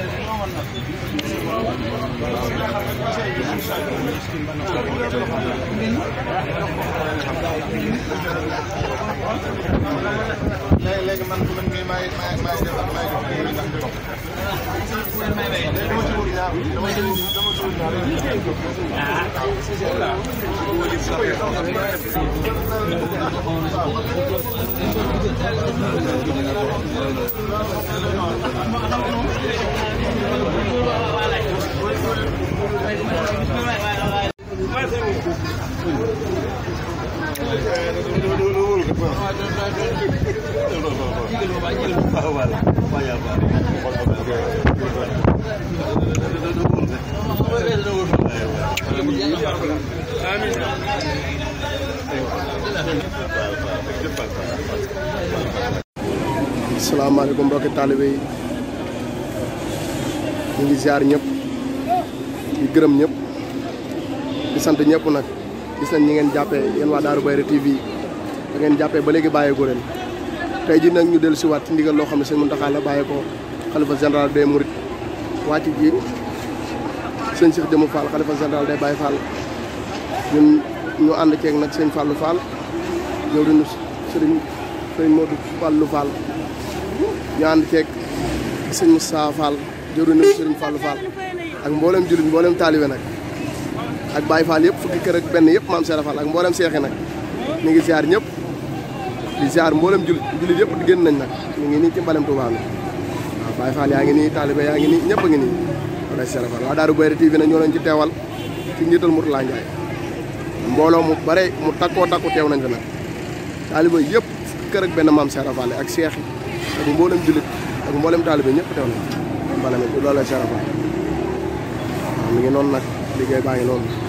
léegi léegi man man mii maay maay maay defar maay jox kii bi ndax di bokk. léegi dama ci wut ñaar dama ci wut dama ci wut ñaar rek. waaw c'est ça. Assalamualaikum warahmatullahi wabarakatuh. ini ziar Nyep di gërëm di sant ñëpp TV da ngeen jàppee ba léegi bàyyeekoo leen tey ji nag ñu dellu siwaat ci ndigal loo xam ne sëñ Muntaxa la bàyyee ko xalifa général des Mourides wàcc ji sëñ Cheikh Jëmu Fall xalifa général day Baye Fall ñun ñu ànd ceeg nag sëñ Fallou Fall ñëw di nu sëriñ sëriñ Modou Fallou Fall ñu ànd ceeg sëñ Moussa ak mboolem jullit mboolem taalibe nag ak Baye Fall yëpp fukki kër ak benn yëpp maam Serap Fall ak mboolem seexi nag ñu ngi ziar ñëpp di ziar mboolem jul jullit yëpp génn nañ nag ñu ngi nii ci mbalem Touba mi waaw Baye Fall yaa ngi nii taalibe yaa ngi nii ñëpp a ngi nii wala serafal waa Daaru Bayra TV nag ñoo leen ci teewal ci njiital Mourtala Ndiaye mbooloo mu bare mu takkoo takku teew nañ fi nag taalibe yëpp kër ak benn maam serafal ak seex ak mboolem jullit ak mboolem taalibe ñëpp teew nañ mbalem loolu la serafal mi ngi noonu nag liggéey baa ngi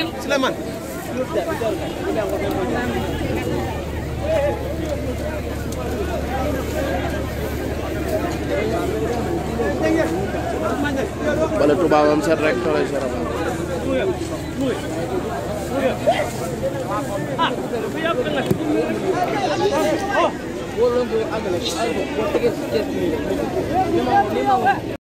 Sleman. Bala tubaab am seet rek tolay ya, si rabal. Oh,